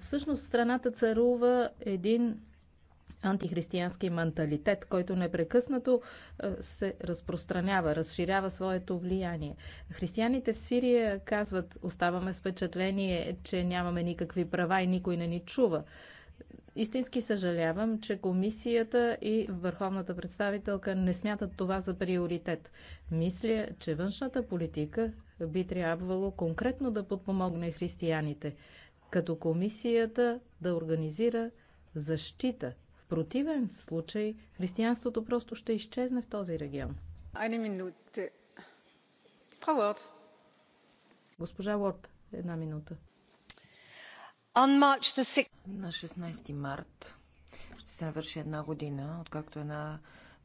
Всъщност страната царува един антихристиянски менталитет, който непрекъснато е, се разпространява, разширява своето влияние. Християните в Сирия казват, оставаме с впечатление, че нямаме никакви права и никой не ни чува. Истински съжалявам, че комисията и върховната представителка не смятат това за приоритет. Мисля, че външната политика би трябвало конкретно да подпомогне християните като комисията да организира защита. В противен случай християнството просто ще изчезне в този регион. Госпожа Лорд, една минута. На 16 март ще се навърши една година, откакто една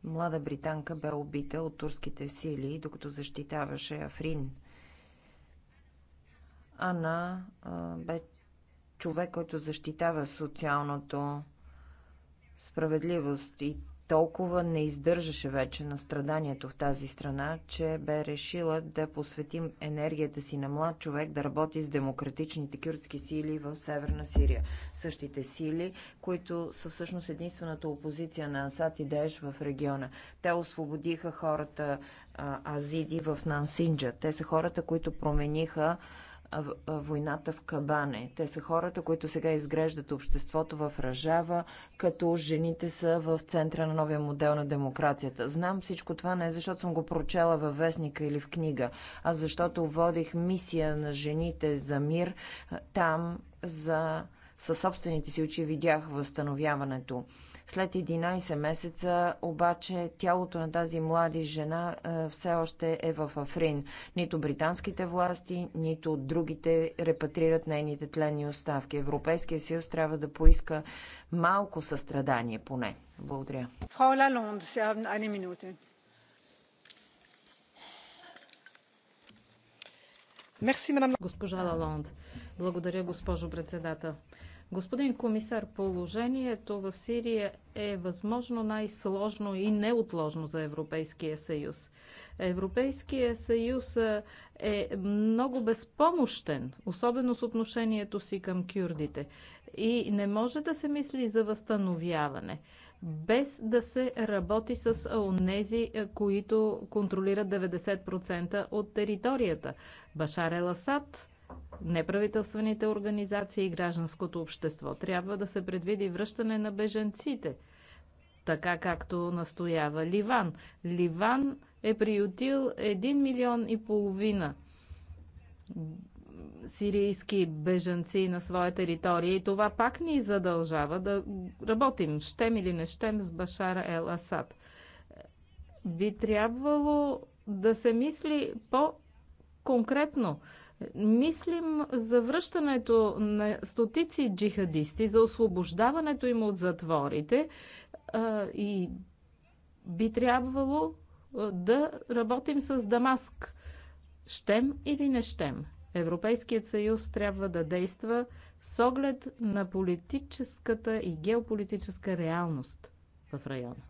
млада британка бе убита от турските сили, докато защитаваше Африн. Ана а, бе човек, който защитава социалното справедливост и толкова не издържаше вече на страданието в тази страна, че бе решила да посветим енергията си на млад човек да работи с демократичните кюрдски сили в Северна Сирия. Същите сили, които са всъщност единствената опозиция на Асад и Деш в региона. Те освободиха хората а, азиди в Нансинджа. Те са хората, които промениха войната в Кабане. Те са хората, които сега изграждат обществото в Ражава, като жените са в центъра на новия модел на демокрацията. Знам всичко това не защото съм го прочела във вестника или в книга, а защото водих мисия на жените за мир там за със собствените си очи видях възстановяването. След 11 месеца обаче тялото на тази млади жена е, все още е в Африн. Нито британските власти, нито другите репатрират нейните тленни оставки. Европейския съюз трябва да поиска малко състрадание поне. Благодаря. Фрау Лалонд, Госпожа Лалонд. Благодаря, госпожо председател. Господин комисар, положението в Сирия е възможно най-сложно и неотложно за Европейския съюз. Европейския съюз е много безпомощен, особено с отношението си към кюрдите. И не може да се мисли за възстановяване без да се работи с онези, които контролират 90% от територията. Башар Еласад неправителствените организации и гражданското общество. Трябва да се предвиди връщане на беженците, така както настоява Ливан. Ливан е приютил 1 милион и половина сирийски бежанци на своя територия и това пак ни задължава да работим, щем или не щем, с Башара Ел Асад. Би трябвало да се мисли по-конкретно Мислим за връщането на стотици джихадисти, за освобождаването им от затворите и би трябвало да работим с Дамаск. Щем или не щем? Европейският съюз трябва да действа с оглед на политическата и геополитическа реалност в района.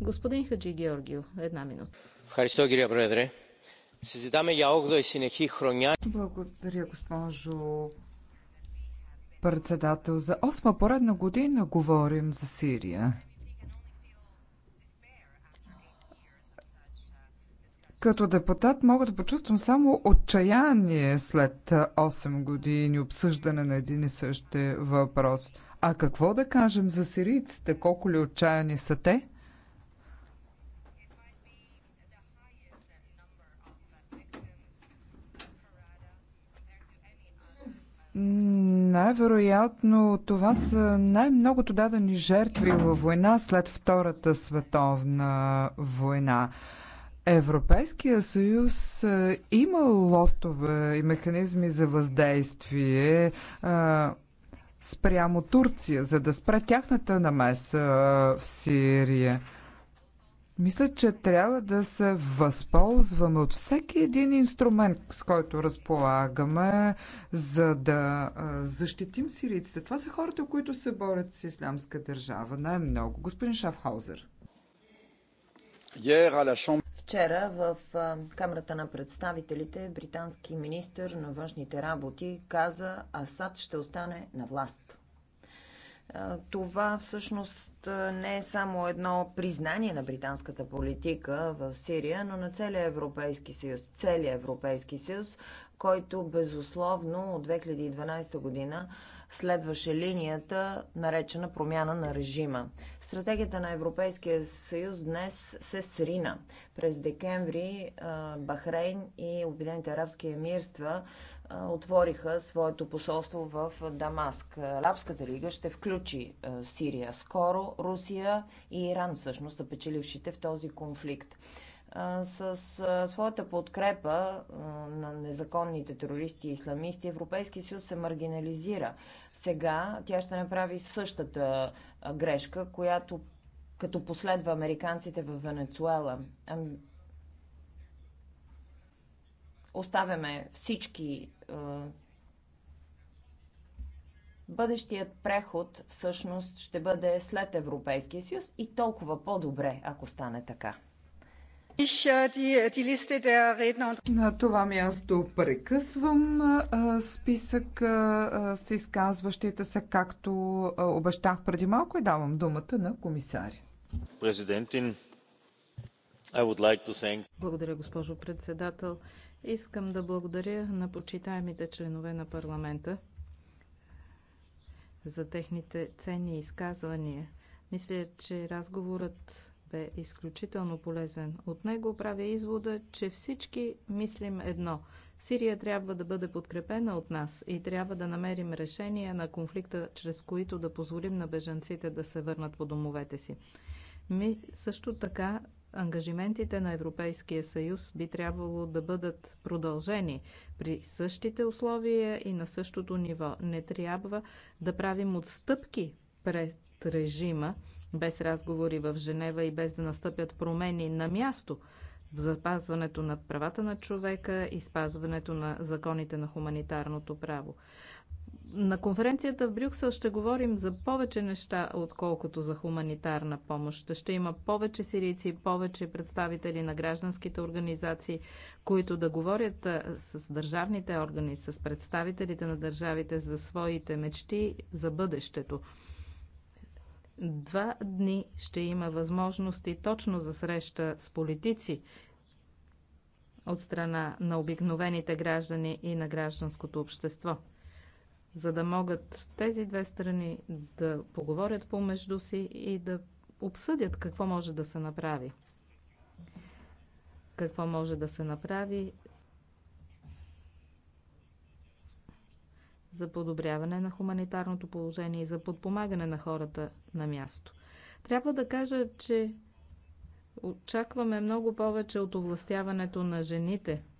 Господин Хаджи Георгио, една минута. Харисто, Гирия благодаря, госпожо председател. За осма поредна година говорим за Сирия. Като депутат мога да почувствам само отчаяние след 8 години обсъждане на един и същи въпрос. А какво да кажем за сирийците? Колко ли отчаяни са те? Най-вероятно това са най-многото дадени жертви във война след Втората световна война. Европейския съюз е, има лостове и механизми за въздействие е, спрямо Турция, за да спре тяхната намеса е, в Сирия. Мисля, че трябва да се възползваме от всеки един инструмент, с който разполагаме, за да защитим сирийците. Това са хората, които се борят с ислямска държава най-много. Господин Шафхаузер. Вчера в Камерата на представителите британски министр на външните работи каза Асад ще остане на власт. Това всъщност не е само едно признание на британската политика в Сирия, но на целия Европейски съюз. целият Европейски съюз, който безусловно от 2012 година следваше линията, наречена промяна на режима. Стратегията на Европейския съюз днес се срина. През декември Бахрейн и Обединените арабски емирства отвориха своето посолство в Дамаск. Арабската лига ще включи Сирия скоро. Русия и Иран всъщност са печелившите в този конфликт. С своята подкрепа на незаконните терористи и исламисти Европейския съюз се маргинализира. Сега тя ще направи същата грешка, която като последва американците в Венецуела оставяме всички е, бъдещият преход всъщност ще бъде след Европейския съюз и толкова по-добре, ако стане така. На това място прекъсвам списък с изказващите се, както обещах преди малко и давам думата на комисари. Президентин, like thank... Благодаря, госпожо председател. Искам да благодаря на почитаемите членове на парламента за техните ценни изказвания. Мисля, че разговорът бе изключително полезен. От него правя извода, че всички мислим едно. Сирия трябва да бъде подкрепена от нас и трябва да намерим решение на конфликта, чрез които да позволим на бежанците да се върнат по домовете си. Ми също така ангажиментите на Европейския съюз би трябвало да бъдат продължени при същите условия и на същото ниво. Не трябва да правим отстъпки пред режима, без разговори в Женева и без да настъпят промени на място в запазването на правата на човека и спазването на законите на хуманитарното право. На конференцията в Брюксел ще говорим за повече неща, отколкото за хуманитарна помощ. Ще има повече сирийци, повече представители на гражданските организации, които да говорят с държавните органи, с представителите на държавите за своите мечти за бъдещето. Два дни ще има възможности точно за среща с политици, от страна на обикновените граждани и на гражданското общество за да могат тези две страни да поговорят помежду си и да обсъдят какво може да се направи. Какво може да се направи за подобряване на хуманитарното положение и за подпомагане на хората на място. Трябва да кажа, че очакваме много повече от овластяването на жените –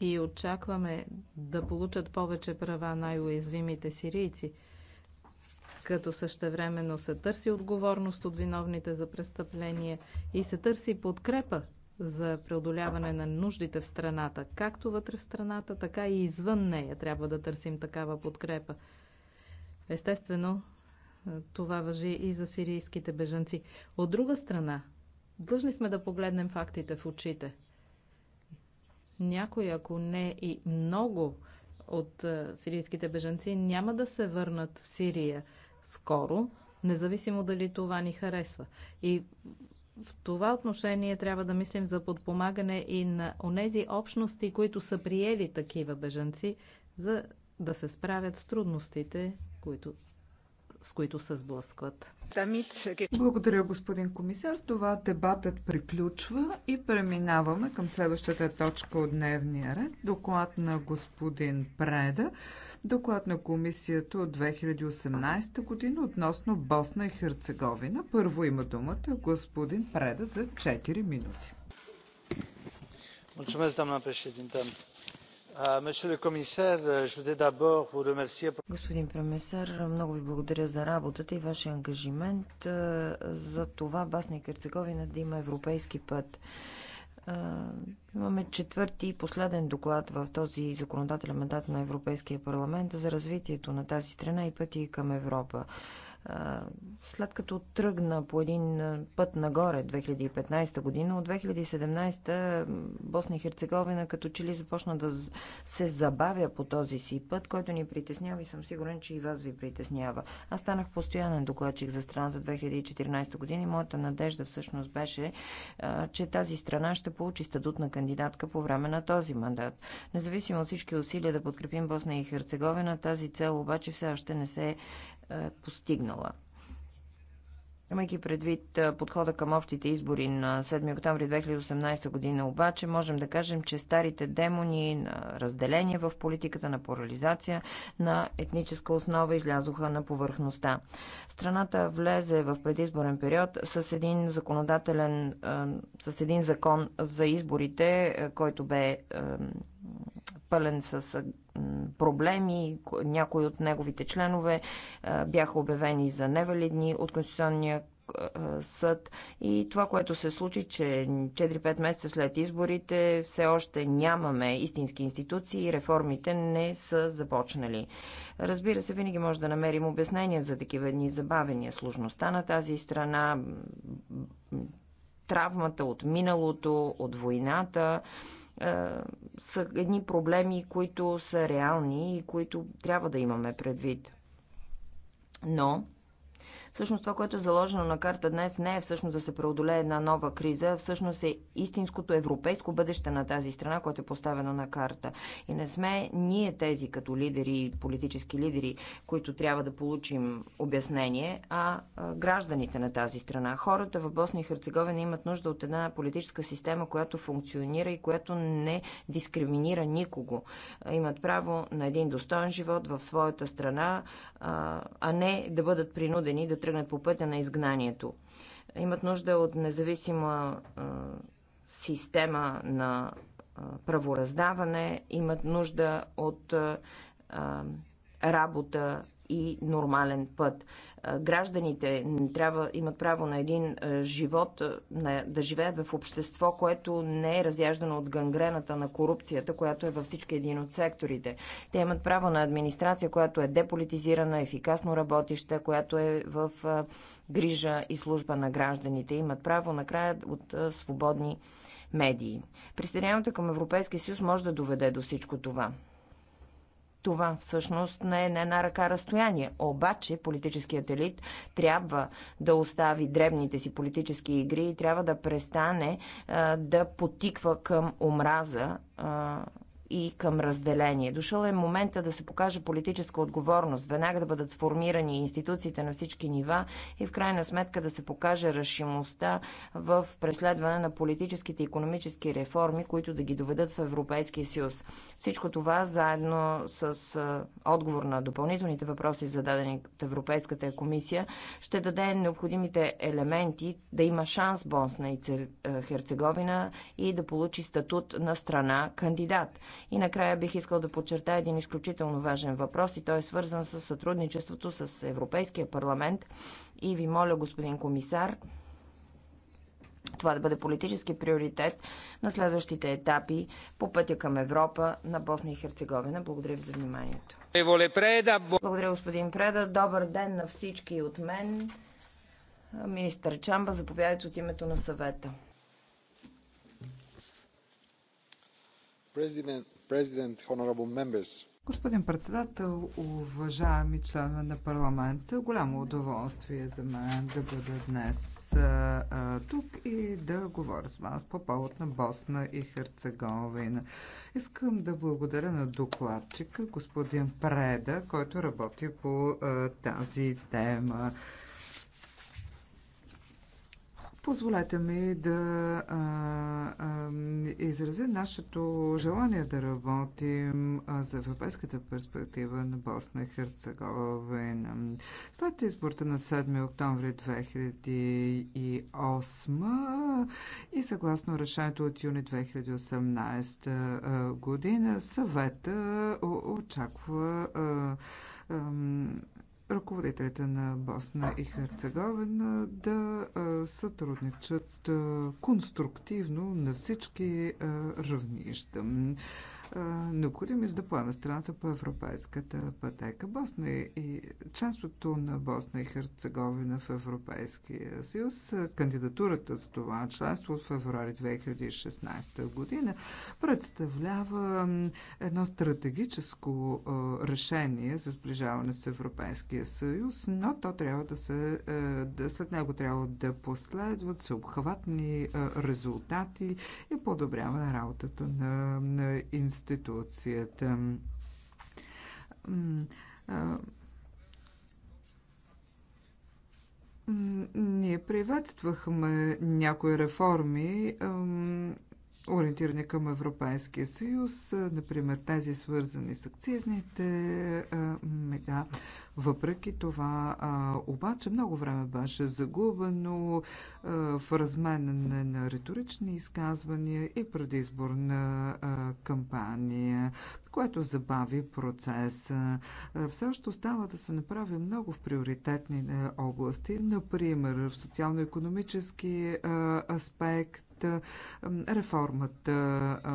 и очакваме да получат повече права най-уязвимите сирийци, като същевременно се търси отговорност от виновните за престъпления и се търси подкрепа за преодоляване на нуждите в страната, както вътре в страната, така и извън нея трябва да търсим такава подкрепа. Естествено, това въжи и за сирийските бежанци. От друга страна, длъжни сме да погледнем фактите в очите – някои, ако не и много от е, сирийските бежанци, няма да се върнат в Сирия скоро, независимо дали това ни харесва. И в това отношение трябва да мислим за подпомагане и на онези общности, които са приели такива бежанци, за да се справят с трудностите, които с които се сблъскват. Благодаря, господин комисар. С това дебатът приключва и преминаваме към следващата точка от дневния ред. Доклад на господин Преда. Доклад на комисията от 2018 година относно Босна и Херцеговина. Първо има думата господин Преда за 4 минути. Mulțumesc, doamna președintă Euh, euh, Господин премиер много ви благодаря за работата и вашия ангажимент е, за това Басна и Херцеговина да има европейски път. Е, имаме четвърти и последен доклад в този законодателен мандат на Европейския парламент за развитието на тази страна и пъти към Европа след като тръгна по един път нагоре 2015 година, от 2017 Босна и Херцеговина като че ли започна да се забавя по този си път, който ни притеснява и съм сигурен, че и вас ви притеснява. Аз станах постоянен докладчик за страната 2014 година и моята надежда всъщност беше, че тази страна ще получи статут на кандидатка по време на този мандат. Независимо от всички усилия да подкрепим Босна и Херцеговина, тази цел обаче все още не се е, постигнала. Имайки предвид е, подхода към общите избори на 7 октомври 2018 година обаче, можем да кажем, че старите демони на е, разделение в политиката, на порализация на етническа основа излязоха на повърхността. Страната влезе в предизборен период с един законодателен, с един закон за изборите, който бе пълен с проблеми. Някои от неговите членове бяха обявени за невалидни от Конституционния съд. И това, което се случи, че 4-5 месеца след изборите все още нямаме истински институции и реформите не са започнали. Разбира се, винаги може да намерим обяснения за такива дни забавения. Сложността на тази страна, травмата от миналото, от войната, е, са едни проблеми, които са реални и които трябва да имаме предвид. Но Всъщност това, което е заложено на карта днес, не е всъщност да се преодолее една нова криза, всъщност е истинското европейско бъдеще на тази страна, което е поставено на карта. И не сме ние тези като лидери, политически лидери, които трябва да получим обяснение, а гражданите на тази страна. Хората в Босна и Херцеговина имат нужда от една политическа система, която функционира и която не дискриминира никого. Имат право на един достоен живот в своята страна, а не да бъдат принудени да тръгнат по пътя на изгнанието. Имат нужда от независима система на правораздаване, имат нужда от работа и нормален път. Гражданите трябва имат право на един живот, на, да живеят в общество, което не е разяждано от гангрената на корупцията, която е във всички един от секторите. Те имат право на администрация, която е деполитизирана, ефикасно работеща, която е в грижа и служба на гражданите. Имат право накрая от свободни медии. Присъединяването към Европейския съюз може да доведе до всичко това. Това всъщност не е не на ръка разстояние. Обаче политическият елит трябва да остави древните си политически игри и трябва да престане а, да потиква към омраза. А, и към разделение. Дошъл е момента да се покаже политическа отговорност, веднага да бъдат сформирани институциите на всички нива и в крайна сметка да се покаже решимостта в преследване на политическите и економически реформи, които да ги доведат в Европейския съюз. Всичко това заедно с отговор на допълнителните въпроси, зададени от Европейската комисия, ще даде необходимите елементи да има шанс Босна и Херцеговина и да получи статут на страна кандидат. И накрая бих искал да подчертая един изключително важен въпрос и той е свързан с сътрудничеството с Европейския парламент. И ви моля, господин комисар, това да бъде политически приоритет на следващите етапи по пътя към Европа на Босна и Херцеговина. Благодаря ви за вниманието. Благодаря, господин Преда. Добър ден на всички от мен. Министър Чамба, заповядайте от името на съвета. Господин председател, уважаеми членове на парламента, голямо удоволствие за мен да бъда днес а, а, тук и да говоря с вас по повод на Босна и Херцеговина. Искам да благодаря на докладчика, господин Преда, който работи по а, тази тема. Позволете ми да а, а, изразя нашето желание да работим за европейската перспектива на Босна и Херцеговина. След изборта на 7 октомври 2008 и съгласно решението от юни 2018 година, съвета очаква а, ръководителите на Босна и Херцеговина да сътрудничат конструктивно на всички равнища необходими, за да поеме страната по европейската пътека. Босна и членството на Босна и Херцеговина в Европейския съюз, кандидатурата за това членство от феврари 2016 година представлява едно стратегическо решение за сближаване с Европейския съюз, но то трябва да се, да, след него трябва да последват съобхватни резултати и подобряване на работата на, на Конституцията. Ние приветствахме някои реформи ориентирани към Европейския съюз, например тези свързани с акцизните мега. Въпреки това, обаче много време беше загубено в разменене на риторични изказвания и предизборна кампания, което забави процеса. Все още остава да се направи много в приоритетни области, например в социално-економически аспект, реформата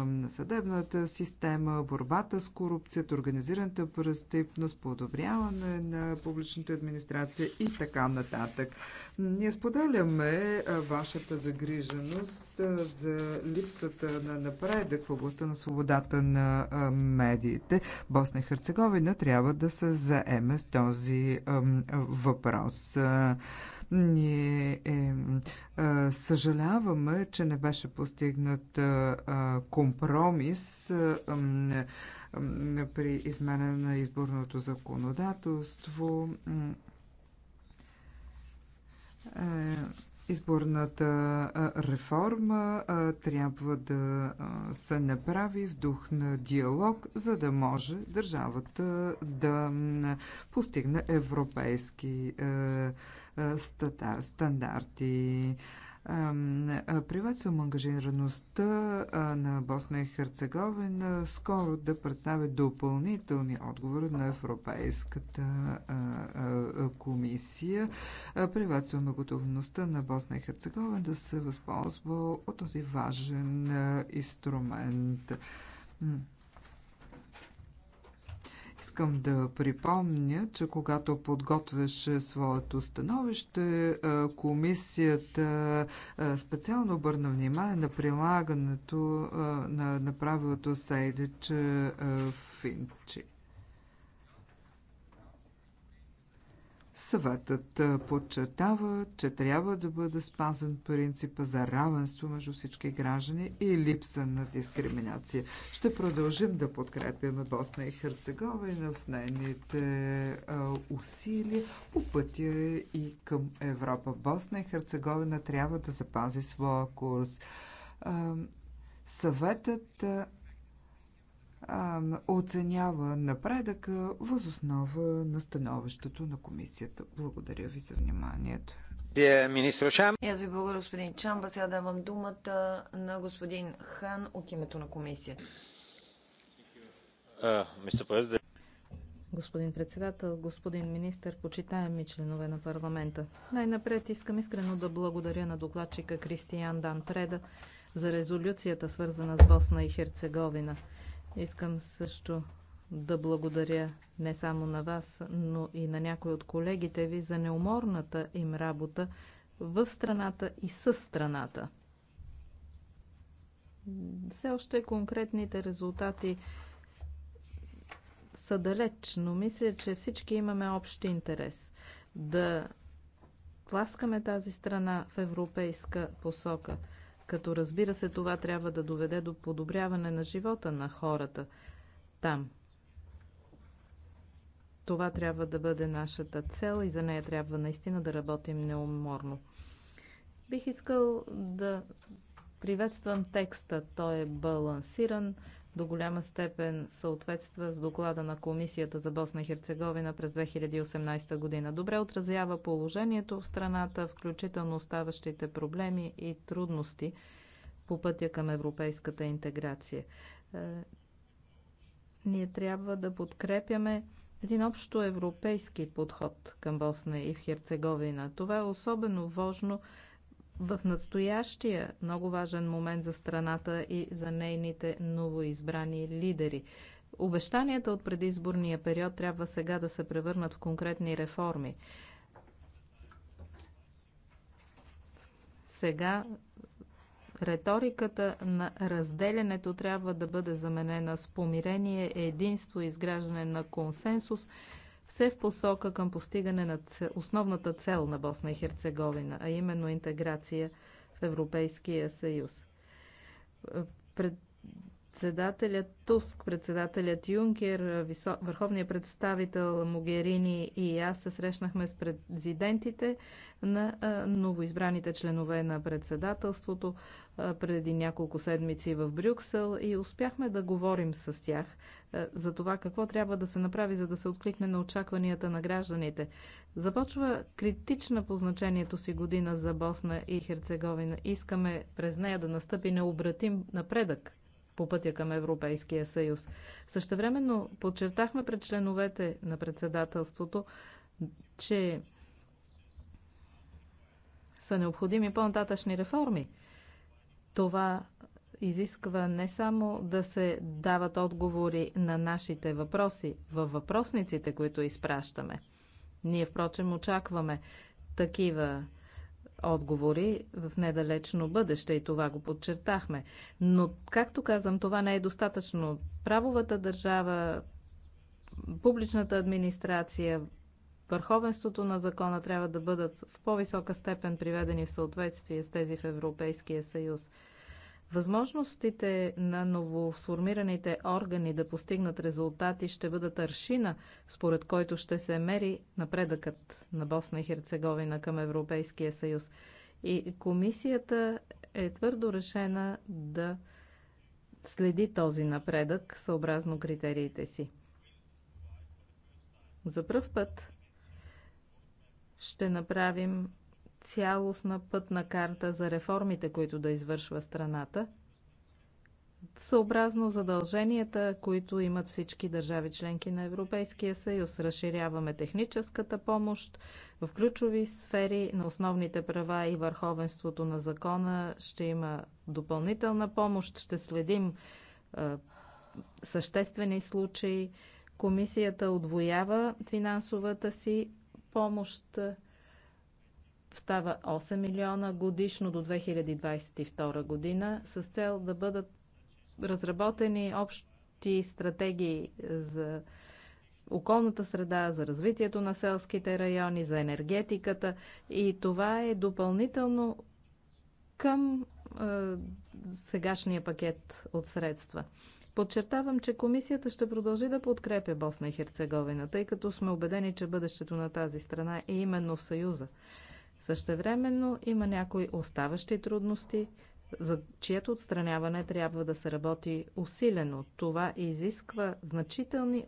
на съдебната система, борбата с корупцията, организираната престъпност, подобряване на публичната администрация и така нататък. Ние споделяме вашата загриженост за липсата на напредък в областта на свободата на медиите. Босна и Херцеговина трябва да се заеме с този въпрос. Ние е, е, съжаляваме, че не беше постигнат е, компромис е, е, при измене на изборното законодателство. Е, Изборната реформа трябва да се направи в дух на диалог, за да може държавата да постигне европейски стандарти. Приветствам ангажираността на Босна и Херцеговина скоро да представя допълнителни отговори на Европейската комисия. Приветствам готовността на Босна и Херцеговина да се възползва от този важен инструмент. Искам да припомня, че когато подготвяше своето становище, комисията специално обърна внимание на прилагането на, правилото Сейдич Финчи. Съветът подчертава, че трябва да бъде спазен принципа за равенство между всички граждани и липса на дискриминация. Ще продължим да подкрепяме Босна и Херцеговина в нейните усилия по пътя и към Европа. Босна и Херцеговина трябва да запази своя курс. съветът оценява напредъка възоснова на становището на комисията. Благодаря ви за вниманието. Министр Шам. И аз ви благодаря, господин Чамба. Сега давам думата на господин Хан от името на комисията. Господин председател, господин министр, почитаеми членове на парламента. Най-напред искам искрено да благодаря на докладчика Кристиян Дан Преда за резолюцията, свързана с Босна и Херцеговина – Искам също да благодаря не само на вас, но и на някои от колегите ви за неуморната им работа в страната и със страната. Все още конкретните резултати са далеч, но мисля, че всички имаме общ интерес да тласкаме тази страна в европейска посока – като разбира се това трябва да доведе до подобряване на живота на хората там. Това трябва да бъде нашата цел и за нея трябва наистина да работим неуморно. Бих искал да приветствам текста. Той е балансиран, до голяма степен съответства с доклада на Комисията за Босна и Херцеговина през 2018 година. Добре отразява положението в страната, включително оставащите проблеми и трудности по пътя към европейската интеграция. Е, ние трябва да подкрепяме един общо европейски подход към Босна и в Херцеговина. Това е особено важно в настоящия много важен момент за страната и за нейните новоизбрани лидери. Обещанията от предизборния период трябва сега да се превърнат в конкретни реформи. Сега Реториката на разделянето трябва да бъде заменена с помирение, единство, изграждане на консенсус все в посока към постигане на основната цел на Босна и Херцеговина, а именно интеграция в Европейския съюз председателят Туск, председателят Юнкер, върховният представител Могерини и аз се срещнахме с президентите на новоизбраните членове на председателството преди няколко седмици в Брюксел и успяхме да говорим с тях за това какво трябва да се направи, за да се откликне на очакванията на гражданите. Започва критична по значението си година за Босна и Херцеговина. Искаме през нея да настъпи необратим напредък по пътя към Европейския съюз. Същевременно подчертахме пред членовете на председателството, че са необходими по-нататъчни реформи. Това изисква не само да се дават отговори на нашите въпроси във въпросниците, които изпращаме. Ние, впрочем, очакваме такива отговори в недалечно бъдеще и това го подчертахме. Но, както казвам, това не е достатъчно. Правовата държава, публичната администрация, върховенството на закона трябва да бъдат в по-висока степен приведени в съответствие с тези в Европейския съюз. Възможностите на новосформираните органи да постигнат резултати ще бъдат аршина, според който ще се мери напредъкът на Босна и Херцеговина към Европейския съюз. И комисията е твърдо решена да следи този напредък съобразно критериите си. За пръв път ще направим цялостна пътна карта за реформите, които да извършва страната, съобразно задълженията, които имат всички държави членки на Европейския съюз. Разширяваме техническата помощ в ключови сфери на основните права и върховенството на закона. Ще има допълнителна помощ. Ще следим е, съществени случаи. Комисията отвоява финансовата си помощ става 8 милиона годишно до 2022 година с цел да бъдат разработени общи стратегии за околната среда, за развитието на селските райони, за енергетиката и това е допълнително към е, сегашния пакет от средства. Подчертавам, че комисията ще продължи да подкрепя Босна и Херцеговина, тъй като сме убедени, че бъдещето на тази страна е именно в Съюза. Същевременно има някои оставащи трудности, за чието отстраняване трябва да се работи усилено. Това изисква значителни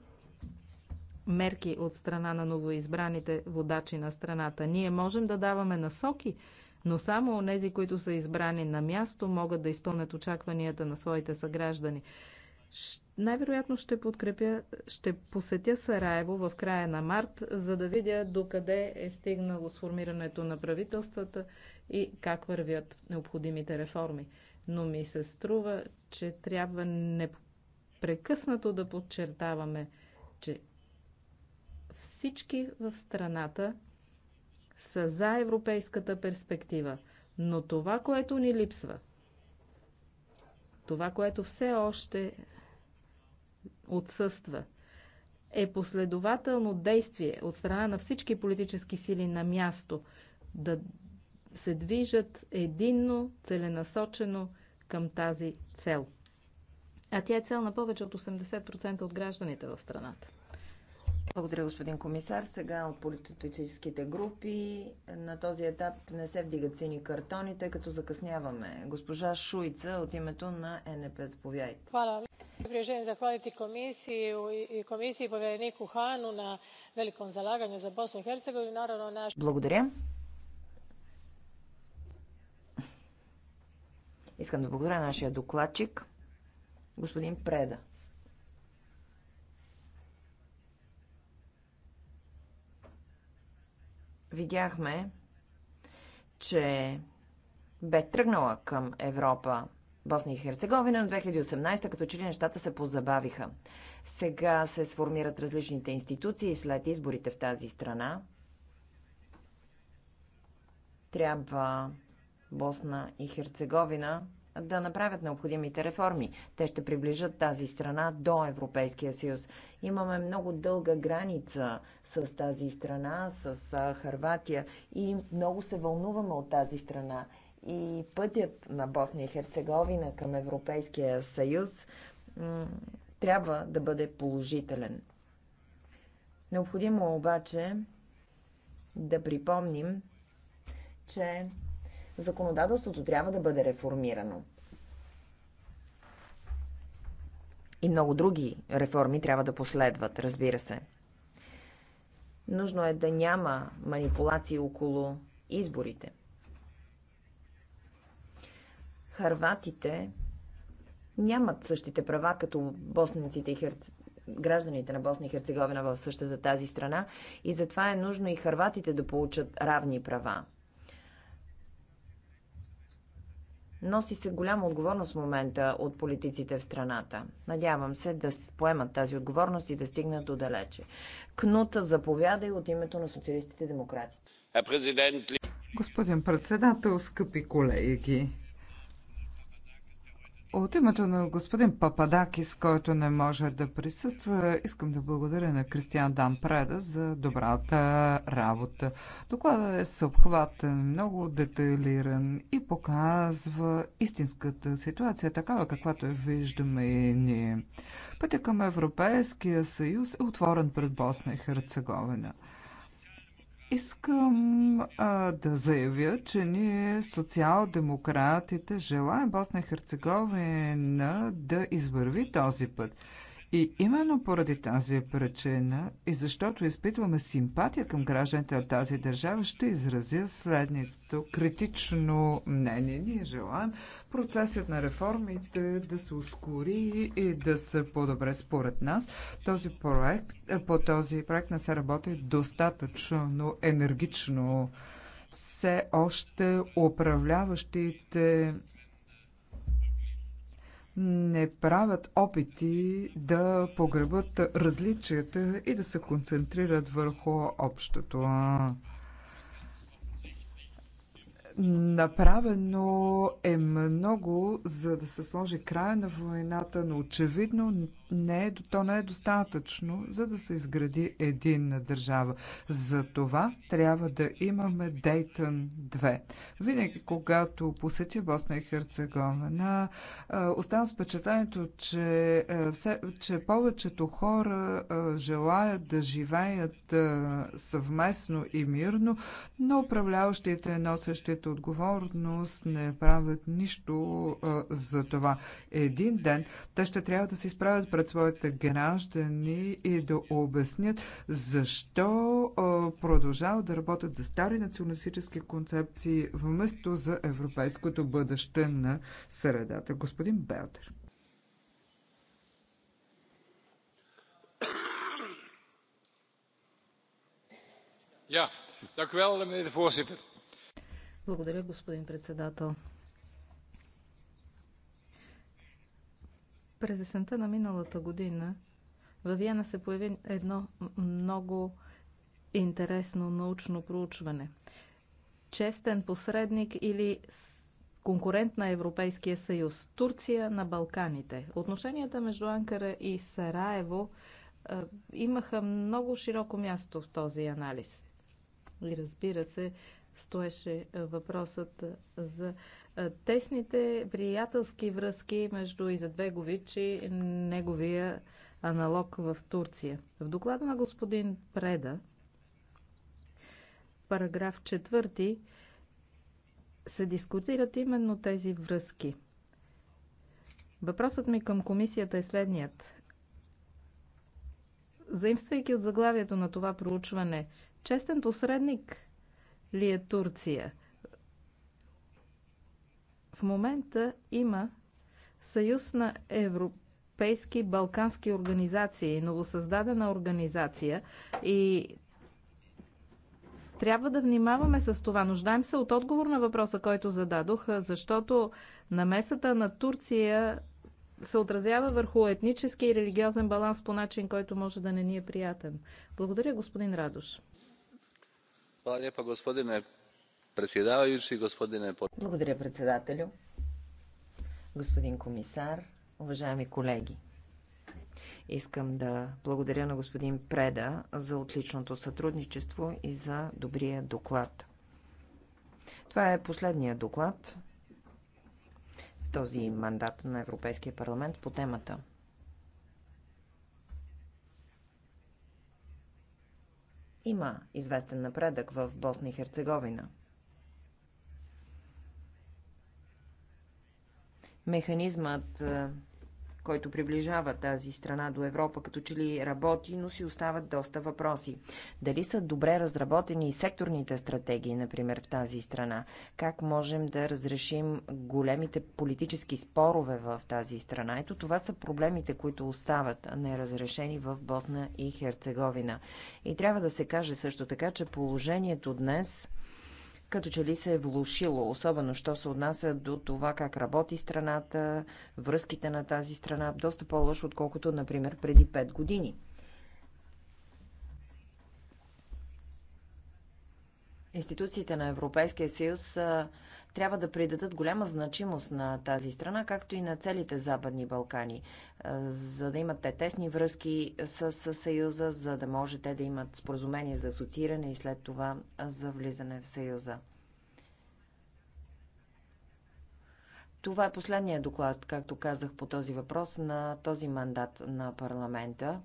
мерки от страна на новоизбраните водачи на страната. Ние можем да даваме насоки, но само онези, които са избрани на място, могат да изпълнят очакванията на своите съграждани най-вероятно ще подкрепя, ще посетя Сараево в края на март, за да видя докъде е стигнало сформирането на правителствата и как вървят необходимите реформи. Но ми се струва, че трябва непрекъснато да подчертаваме, че всички в страната са за европейската перспектива. Но това, което ни липсва, това, което все още отсъства, е последователно действие от страна на всички политически сили на място да се движат единно, целенасочено към тази цел. А тя е цел на повече от 80% от гражданите в страната. Благодаря, господин комисар. Сега от политическите групи на този етап не се вдигат сини картони, тъй като закъсняваме. Госпожа Шуица от името на НП, заповядайте najprije želim zahvaliti komisiji i povjereniku hahnu na velikom zalaganju za bosnu i hercegovinu i naravno naš. Благодаря. Искам да благодаря нашия докладчик, господин Преда. Видяхме, че бе тръгнала към Европа Босния и Херцеговина, но 2018 като че ли нещата се позабавиха. Сега се сформират различните институции след изборите в тази страна. Трябва Босна и Херцеговина да направят необходимите реформи. Те ще приближат тази страна до Европейския съюз. Имаме много дълга граница с тази страна, с Харватия и много се вълнуваме от тази страна и пътят на Босния и Херцеговина към Европейския съюз трябва да бъде положителен. Необходимо е обаче да припомним, че законодателството трябва да бъде реформирано. И много други реформи трябва да последват, разбира се. Нужно е да няма манипулации около изборите харватите нямат същите права като босниците и херц... гражданите на Босна и Херцеговина в същата тази страна и затова е нужно и харватите да получат равни права. Носи се голяма отговорност в момента от политиците в страната. Надявам се да поемат тази отговорност и да стигнат до далече. Кнута заповядай от името на социалистите и демократите. Господин председател, скъпи колеги, от името на господин Пападакис, който не може да присъства, искам да благодаря на Кристиан Дан Преда за добрата работа. Докладът е съобхватен, много детайлиран и показва истинската ситуация, такава каквато я виждаме и ние. Пътя към Европейския съюз е отворен пред Босна и Херцеговина. Искам а, да заявя, че ние, социал-демократите, желаем Босна и Херцеговина да извърви този път. И именно поради тази причина и защото изпитваме симпатия към гражданите от тази държава, ще изразя следното критично мнение. Ние желаем процесът на реформите да се ускори и да се подобре според нас. Този проект, по този проект не се работи достатъчно енергично. Все още управляващите не правят опити да погребат различията и да се концентрират върху общото. Направено е много, за да се сложи края на войната, но очевидно не е, то не е достатъчно, за да се изгради единна държава. За това трябва да имаме Дейтън 2. Винаги, когато посетя Босна и Херцеговина, оставам с впечатлението, че, все, че повечето хора желаят да живеят съвместно и мирно, но управляващите носещите своята отговорност, не правят нищо а, за това. Един ден те ще трябва да се изправят пред своите граждани и да обяснят защо а, продължават да работят за стари националистически концепции вместо за европейското бъдеще на средата. Господин Белтер. Ja, dank u wel, meneer de voorzitter. Благодаря, господин председател. През есента на миналата година във Виена се появи едно много интересно научно проучване. Честен посредник или конкурент на Европейския съюз Турция на Балканите. Отношенията между Анкара и Сараево е, имаха много широко място в този анализ. И разбира се, стоеше е, въпросът е, за е, тесните приятелски връзки между Изетбегович и неговия аналог в Турция. В доклада на господин Преда, параграф 4, се дискутират именно тези връзки. Въпросът ми към комисията е следният. Заимствайки от заглавието на това проучване, честен посредник ли е Турция? В момента има Съюз на европейски балкански организации, новосъздадена организация и трябва да внимаваме с това. Нуждаем се от отговор на въпроса, който зададох, защото намесата на Турция се отразява върху етнически и религиозен баланс по начин, който може да не ни е приятен. Благодаря, господин Радош. Благодаря, председателю. Господин комисар, уважаеми колеги. Искам да благодаря на господин Преда за отличното сътрудничество и за добрия доклад. Това е последния доклад в този мандат на Европейския парламент по темата. Има известен напредък в Босна и Херцеговина. Механизмът е, който приближава тази страна до Европа, като че ли работи, но си остават доста въпроси. Дали са добре разработени секторните стратегии, например, в тази страна? Как можем да разрешим големите политически спорове в тази страна? Ето това са проблемите, които остават неразрешени в Босна и Херцеговина. И трябва да се каже също така, че положението днес като че ли се е влушило, особено що се отнася до това как работи страната, връзките на тази страна, доста по-лошо, отколкото, например, преди 5 години. Институциите на Европейския съюз трябва да придадат голяма значимост на тази страна, както и на целите Западни Балкани, за да имат те тесни връзки с, с Съюза, за да може те да имат споразумение за асоцииране и след това за влизане в Съюза. Това е последният доклад, както казах по този въпрос, на този мандат на парламента.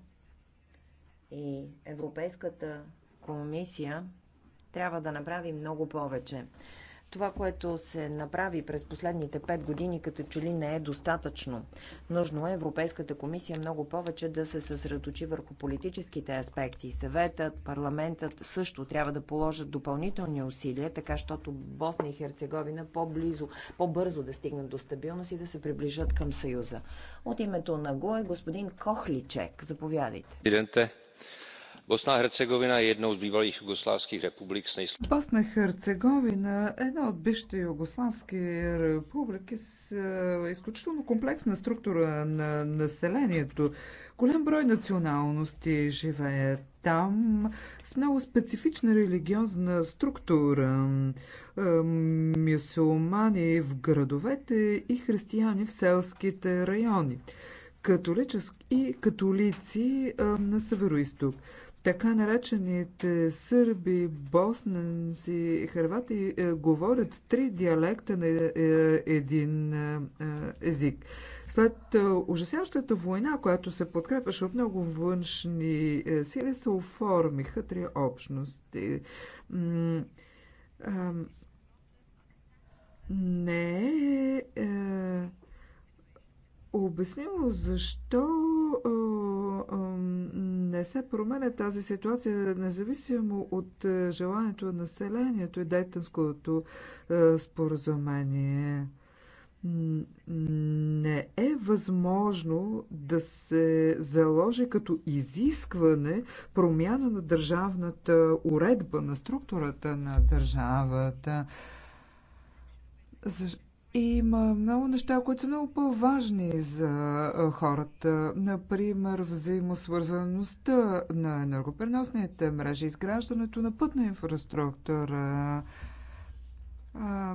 И Европейската комисия трябва да направи много повече. Това, което се направи през последните пет години, като че ли не е достатъчно. Нужно е Европейската комисия много повече да се съсредоточи върху политическите аспекти. Съветът, парламентът също трябва да положат допълнителни усилия, така щото Босна и Херцеговина по-близо, по-бързо да стигнат до стабилност и да се приближат към Съюза. От името на ГОЕ господин Кохличек, заповядайте. Босна и Херцеговина е една от бивалих югославских републик с неизследване. Босна и Херцеговина е една от бившите югославски републики с изключително комплексна структура на населението. Голям брой националности живеят там с много специфична религиозна структура. Мюсюлмани в градовете и християни в селските райони. Католичес... и католици на северо-исток така наречените сърби, босненци и хървати е, говорят три диалекта на е, е, един език. След ужасяващата война, която се подкрепяше от много външни сили, се оформиха три общности. не е обяснимо защо а, а, не се променя тази ситуация, независимо от е, желанието на населението и Дейтенското е, споразумение. Не е възможно да се заложи като изискване промяна на държавната уредба, на структурата на държавата. Защо? Има много неща, които са много по-важни за хората. Например, взаимосвързаността на енергопреносните мрежи, изграждането на пътна инфраструктура,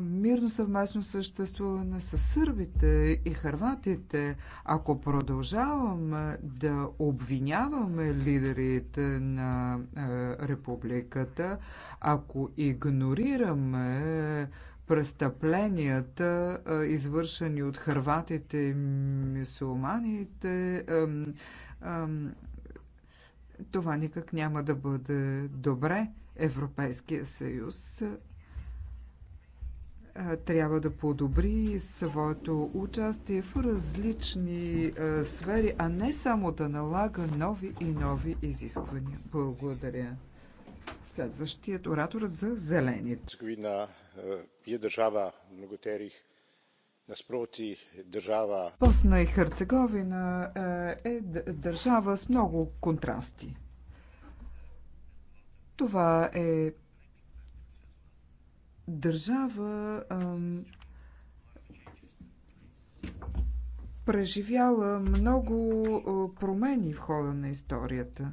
мирно съвместно съществуване с сърбите и хърватите. Ако продължаваме да обвиняваме лидерите на републиката, ако игнорираме престъпленията, извършени от хърватите и мусулманите, това никак няма да бъде добре. Европейския съюз трябва да подобри своето участие в различни сфери, а не само да налага нови и нови изисквания. Благодаря. Следващият оратор за зелените je država mnogoterih Наспроти, държава... Босна и Херцеговина е, е държава с много контрасти. Това е държава преживяла много промени в хода на историята.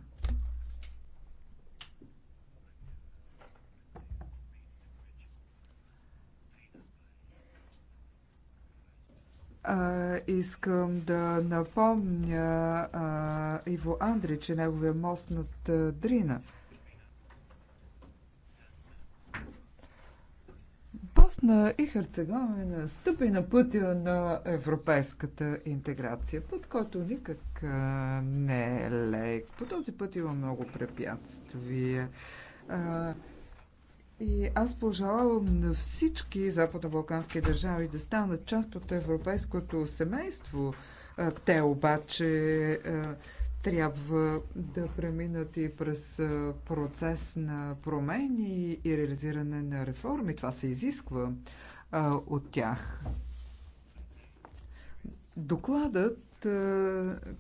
А, искам да напомня а, Иво Андри, че неговия мост над а, Дрина. Босна и Херцеговина стъпи на пътя на европейската интеграция, път, който никак а, не е лек. По този път има много препятствия. А, и аз пожелавам на всички западно-балкански държави да станат част от европейското семейство. Те обаче трябва да преминат и през процес на промени и реализиране на реформи. Това се изисква от тях. Докладът,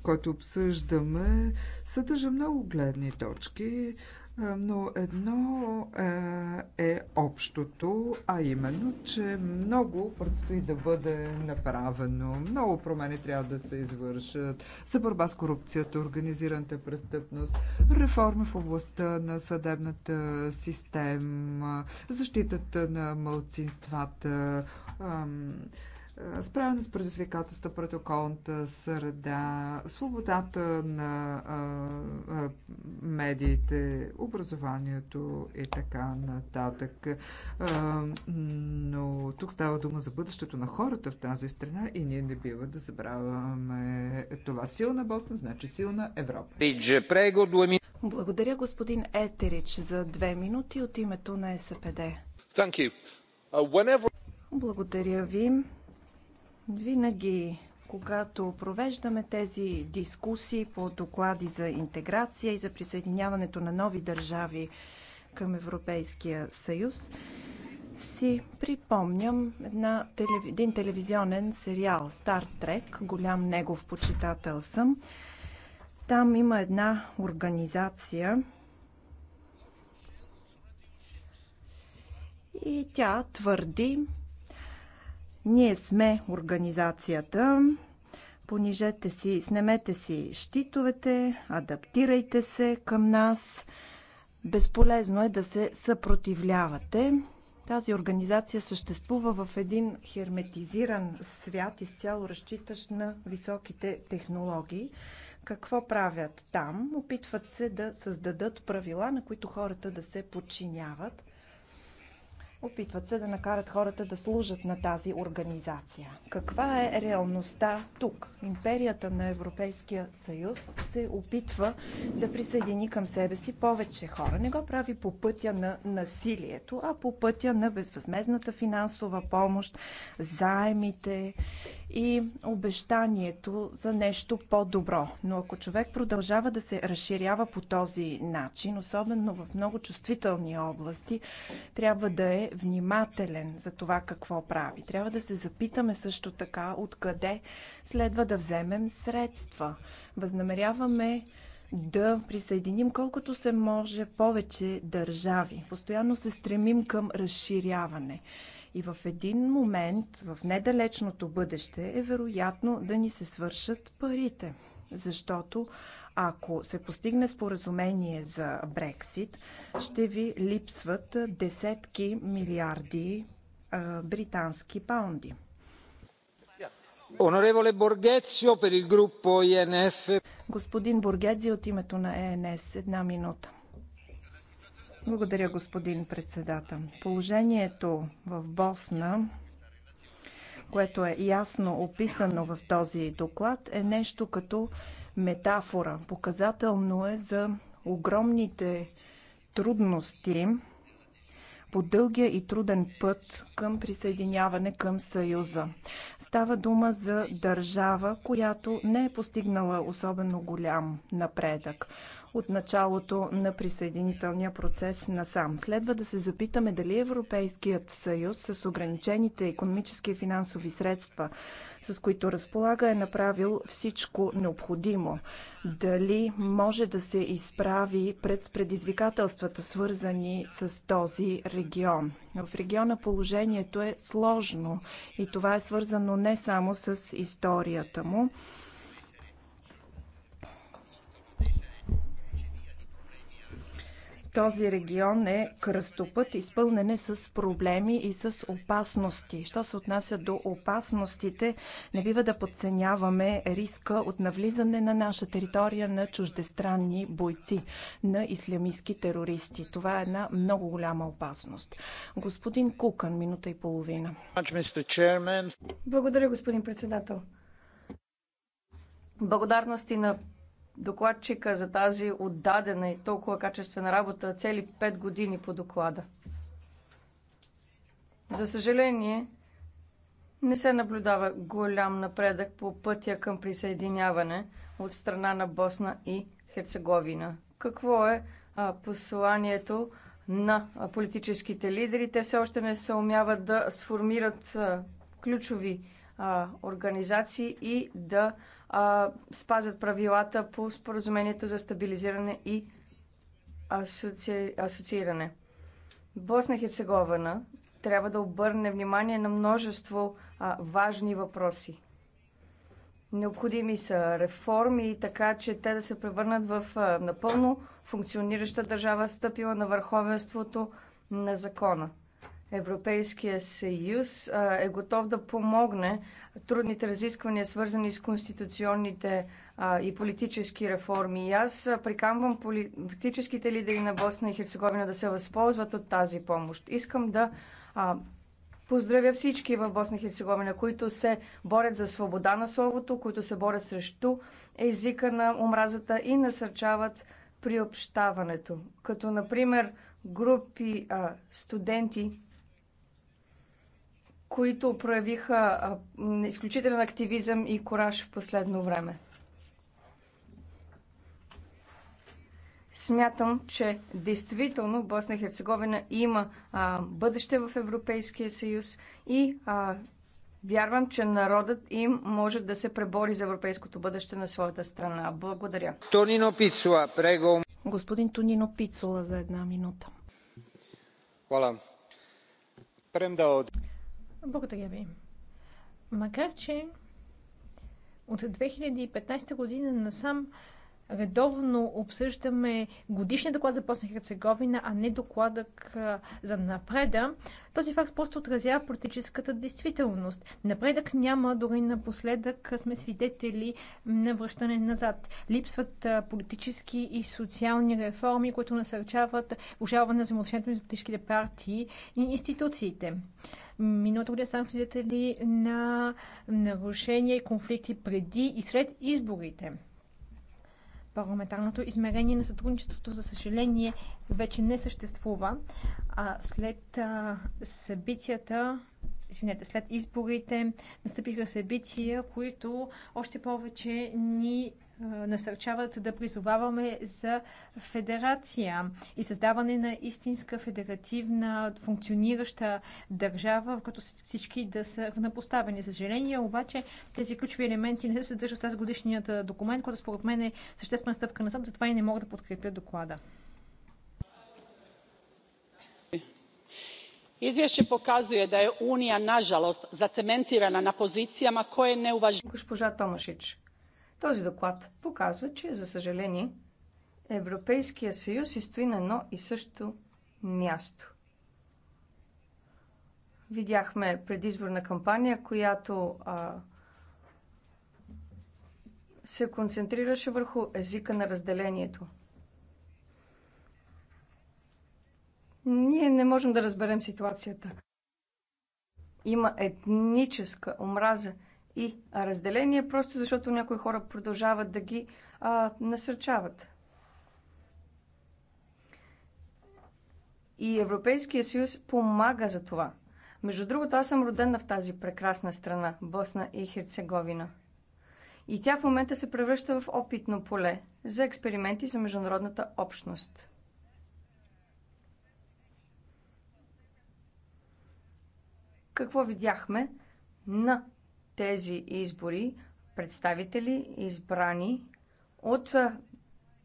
който обсъждаме, съдържа много гледни точки но едно е общото, а именно, че много предстои да бъде направено. Много промени трябва да се извършат за борба с корупцията, организираната престъпност, реформи в областта на съдебната система, защитата на мълцинствата, справяне с предизвикателства пред околната среда, свободата на а, медиите, образованието и така нататък. А, но тук става дума за бъдещето на хората в тази страна и ние не бива да забравяме това. Силна Босна значи силна Европа. Благодаря господин Етерич за две минути от името на СПД. Uh, Благодаря ви. Винаги, когато провеждаме тези дискусии по доклади за интеграция и за присъединяването на нови държави към Европейския съюз, си припомням една, един телевизионен сериал Стар Трек. Голям негов почитател съм. Там има една организация, и тя твърди, ние сме организацията. Понижете си, снемете си щитовете, адаптирайте се към нас. Безполезно е да се съпротивлявате. Тази организация съществува в един херметизиран свят, изцяло разчитащ на високите технологии. Какво правят там? Опитват се да създадат правила, на които хората да се подчиняват – Опитват се да накарат хората да служат на тази организация. Каква е реалността тук? Империята на Европейския съюз се опитва да присъедини към себе си повече хора. Не го прави по пътя на насилието, а по пътя на безвъзмезната финансова помощ, заемите и обещанието за нещо по-добро. Но ако човек продължава да се разширява по този начин, особено в много чувствителни области, трябва да е внимателен за това какво прави. Трябва да се запитаме също така откъде следва да вземем средства. Възнамеряваме да присъединим колкото се може повече държави. Постоянно се стремим към разширяване. И в един момент, в недалечното бъдеще, е вероятно да ни се свършат парите. Защото ако се постигне споразумение за Брексит, ще ви липсват десетки милиарди а, британски паунди. Боргецио, Господин Боргецио от името на е ЕНС, една минута. Благодаря, господин председател. Положението в Босна, което е ясно описано в този доклад, е нещо като метафора. Показателно е за огромните трудности по дългия и труден път към присъединяване към Съюза. Става дума за държава, която не е постигнала особено голям напредък от началото на присъединителния процес насам. Следва да се запитаме дали Европейският съюз с ограничените економически и финансови средства, с които разполага, е направил всичко необходимо. Дали може да се изправи пред предизвикателствата, свързани с този регион. В региона положението е сложно и това е свързано не само с историята му, Този регион е кръстопът, изпълнен е с проблеми и с опасности. Що се отнася до опасностите, не бива да подценяваме риска от навлизане на наша територия на чуждестранни бойци, на ислямистски терористи. Това е една много голяма опасност. Господин Кукан, минута и половина. Благодаря, господин председател. Благодарности на докладчика за тази отдадена и толкова качествена работа цели 5 години по доклада. За съжаление, не се наблюдава голям напредък по пътя към присъединяване от страна на Босна и Херцеговина. Какво е а, посланието на политическите лидери? Те все още не се умяват да сформират а, ключови а, организации и да а, спазят правилата по споразумението за стабилизиране и асоци... асоцииране. Босна Херцеговина трябва да обърне внимание на множество а, важни въпроси. Необходими са реформи, така че те да се превърнат в а, напълно функционираща държава, стъпила на върховенството на закона. Европейския съюз е готов да помогне трудните разисквания, свързани с конституционните и политически реформи. И аз приканвам политическите лидери на Босна и Херцеговина да се възползват от тази помощ. Искам да поздравя всички в Босна и Херцеговина, които се борят за свобода на словото, които се борят срещу езика на омразата и насърчават приобщаването. Като, например, групи а, студенти които проявиха изключителен активизъм и кораж в последно време. Смятам, че действително Босна и Херцеговина има а, бъдеще в Европейския съюз и а, вярвам, че народът им може да се пребори за европейското бъдеще на своята страна. Благодаря. Тонино Пицула, прего. Господин Тонино Пицула за една минута. Хвала. Премда от благодаря ви. Макар, че от 2015 година насам редовно обсъждаме годишния доклад за Босна и Херцеговина, а не докладък за напреда, този факт просто отразява политическата действителност. Напредък няма, дори напоследък сме свидетели на връщане назад. Липсват политически и социални реформи, които насърчават ужаване на взаимоотношението между политическите партии и институциите. Миналата година станахме свидетели на нарушения и конфликти преди и след изборите. Парламентарното измерение на сътрудничеството, за съжаление, вече не съществува. А след а, събитията извинете, след изборите настъпиха събития, които още повече ни насърчават да призоваваме за федерация и създаване на истинска федеративна функционираща държава, в която всички да са равнопоставени. За съжаление, обаче тези ключови елементи не се съдържат в тази годишният документ, който според мен е съществена стъпка назад, затова и не мога да подкрепя доклада. izvješće pokazuje da je unija nažalost zacementirana na pozicijama koje ne uvažavaju. Госпожа този доклад показва, че за съжаление Европейския съюз стои на едно и място. Видяхме предизборна кампания, която а, се концентрираше върху езика на разделението – Ние не можем да разберем ситуацията. Има етническа омраза и разделение, просто защото някои хора продължават да ги а, насърчават. И Европейския съюз помага за това. Между другото, аз съм родена в тази прекрасна страна, Босна и Херцеговина. И тя в момента се превръща в опитно поле за експерименти за международната общност. Какво видяхме на тези избори? Представители избрани от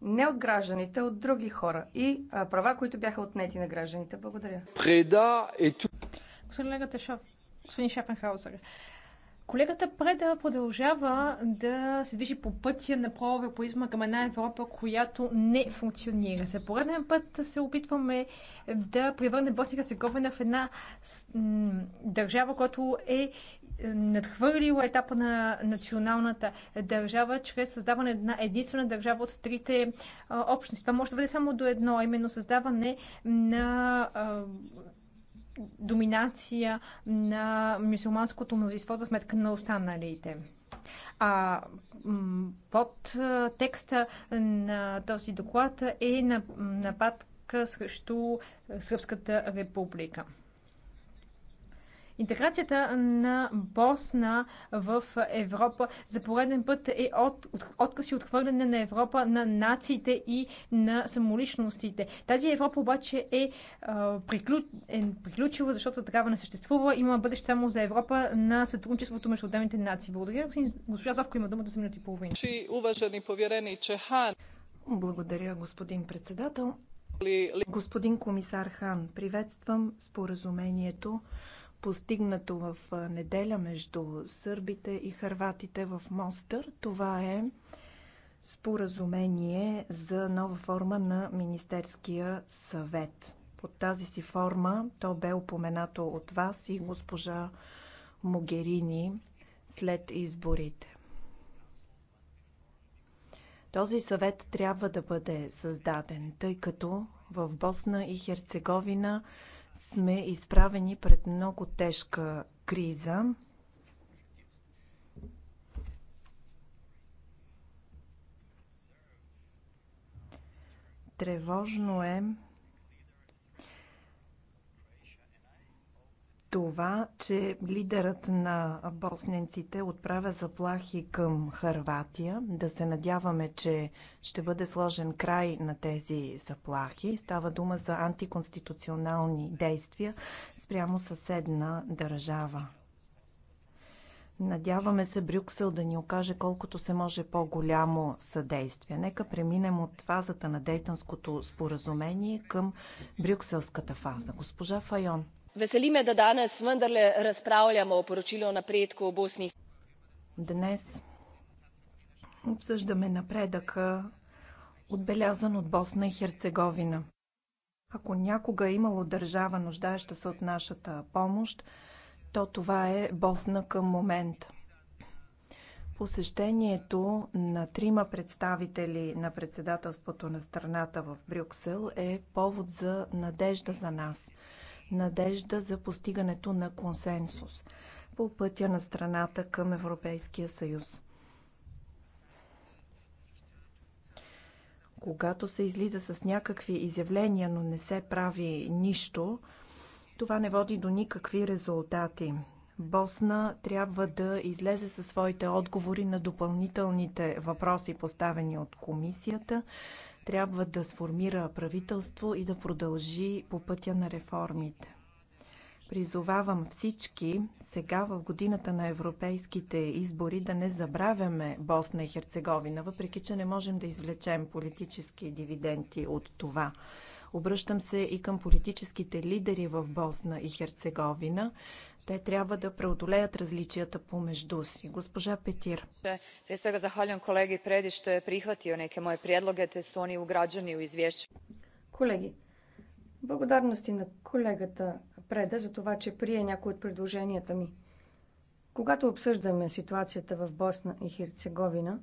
не от гражданите, от други хора и права, които бяха отнети на гражданите. Благодаря. Преда е тук. Господин Шафенхаузер, Колегата Преда продължава да се движи по пътя на проевропоизма към една Европа, която не функционира. За пореден път се опитваме да превърнем Босния Херцеговина в една държава, която е надхвърлила етапа на националната държава чрез създаване на единствена държава от трите общности. Това може да бъде само до едно, именно създаване на доминация на мюсюлманското мнозинство за сметка на останалите. А под текста на този доклад е нападка срещу Сръбската република. Интеграцията на Босна в Европа за пореден път е от, от, отказ и отхвърляне на Европа на нациите и на самоличностите. Тази Европа обаче е, приклю, е приключила, защото такава не съществува. Има бъдеще само за Европа на сътрудничеството между отделните нации. Благодаря. Госпожа Завко има думата за минути и половина. Уважени поверени Чехан. Благодаря, господин председател. Господин комисар Хан, приветствам споразумението постигнато в неделя между сърбите и харватите в Мостър. Това е споразумение за нова форма на Министерския съвет. Под тази си форма то бе упоменато от вас и госпожа Могерини след изборите. Този съвет трябва да бъде създаден, тъй като в Босна и Херцеговина сме изправени пред много тежка криза. Тревожно е, това, че лидерът на босненците отправя заплахи към Харватия. Да се надяваме, че ще бъде сложен край на тези заплахи. Става дума за антиконституционални действия спрямо съседна държава. Надяваме се Брюксел да ни окаже колкото се може по-голямо съдействие. Нека преминем от фазата на Дейтанското споразумение към Брюкселската фаза. Госпожа Файон veseli me da danes vendarle razpravljamo o poročilu o napredku o bosni. Днес обсъждаме напредъка, отбелязан от Босна и Херцеговина. Ако някога е имало държава, нуждаеща се от нашата помощ, то това е Босна към момента. Посещението на трима представители на председателството на страната в Брюксел е повод за надежда за нас – надежда за постигането на консенсус по пътя на страната към Европейския съюз. Когато се излиза с някакви изявления, но не се прави нищо, това не води до никакви резултати. Босна трябва да излезе със своите отговори на допълнителните въпроси, поставени от комисията, трябва да сформира правителство и да продължи по пътя на реформите. Призовавам всички сега в годината на европейските избори да не забравяме Босна и Херцеговина, въпреки че не можем да извлечем политически дивиденти от това. Обръщам се и към политическите лидери в Босна и Херцеговина те трябва да преодолеят различията помежду си. Госпожа Петир. Prije svega захвалям колеги преди, що е прихватил неке мои предлоги, те са они ugrađeni у izvješće. Колеги, благодарности на колегата Преда за това, че прие някои от предложенията ми. Когато обсъждаме ситуацията в Босна и Херцеговина,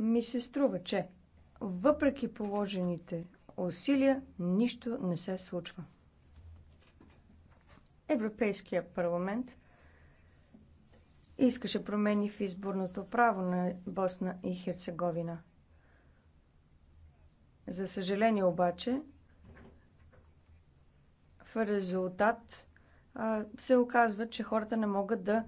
ми се струва, че въпреки положените усилия, нищо не се случва. Европейския парламент искаше промени в изборното право на Босна и Херцеговина. За съжаление обаче, в резултат се оказва, че хората не могат да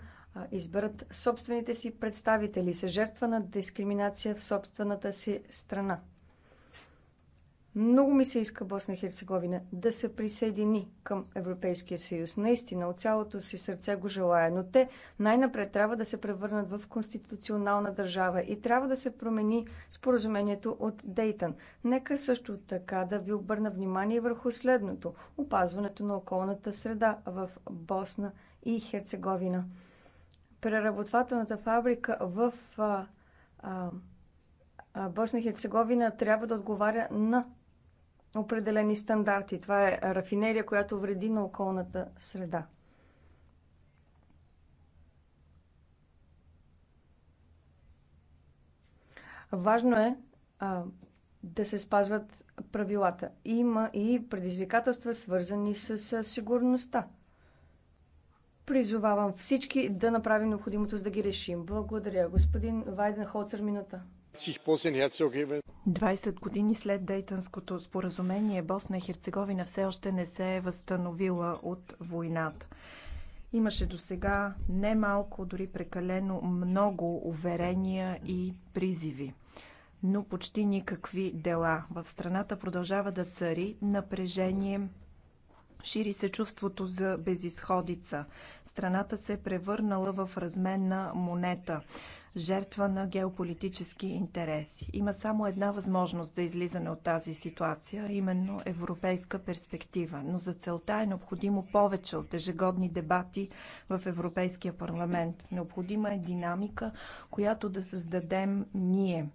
изберат собствените си представители, са жертва на дискриминация в собствената си страна. Много ми се иска Босна и Херцеговина да се присъедини към Европейския съюз. Наистина, от цялото си сърце го желая, но те най-напред трябва да се превърнат в конституционална държава и трябва да се промени споразумението от Дейтън. Нека също така да ви обърна внимание върху следното – опазването на околната среда в Босна и Херцеговина. Преработвателната фабрика в а, а, Босна и Херцеговина трябва да отговаря на определени стандарти. Това е рафинерия, която вреди на околната среда. Важно е а, да се спазват правилата. Има и предизвикателства, свързани с, с сигурността. Призовавам всички да направим необходимото, за да ги решим. Благодаря. Господин Вайден Холцер, минута. 20 години след Дейтънското споразумение Босна и Херцеговина все още не се е възстановила от войната. Имаше до сега немалко, дори прекалено много уверения и призиви, но почти никакви дела. В страната продължава да цари напрежение Шири се чувството за безизходица. Страната се е превърнала в разменна монета, жертва на геополитически интереси. Има само една възможност за излизане от тази ситуация, именно европейска перспектива. Но за целта е необходимо повече от ежегодни дебати в Европейския парламент. Необходима е динамика, която да създадем ние.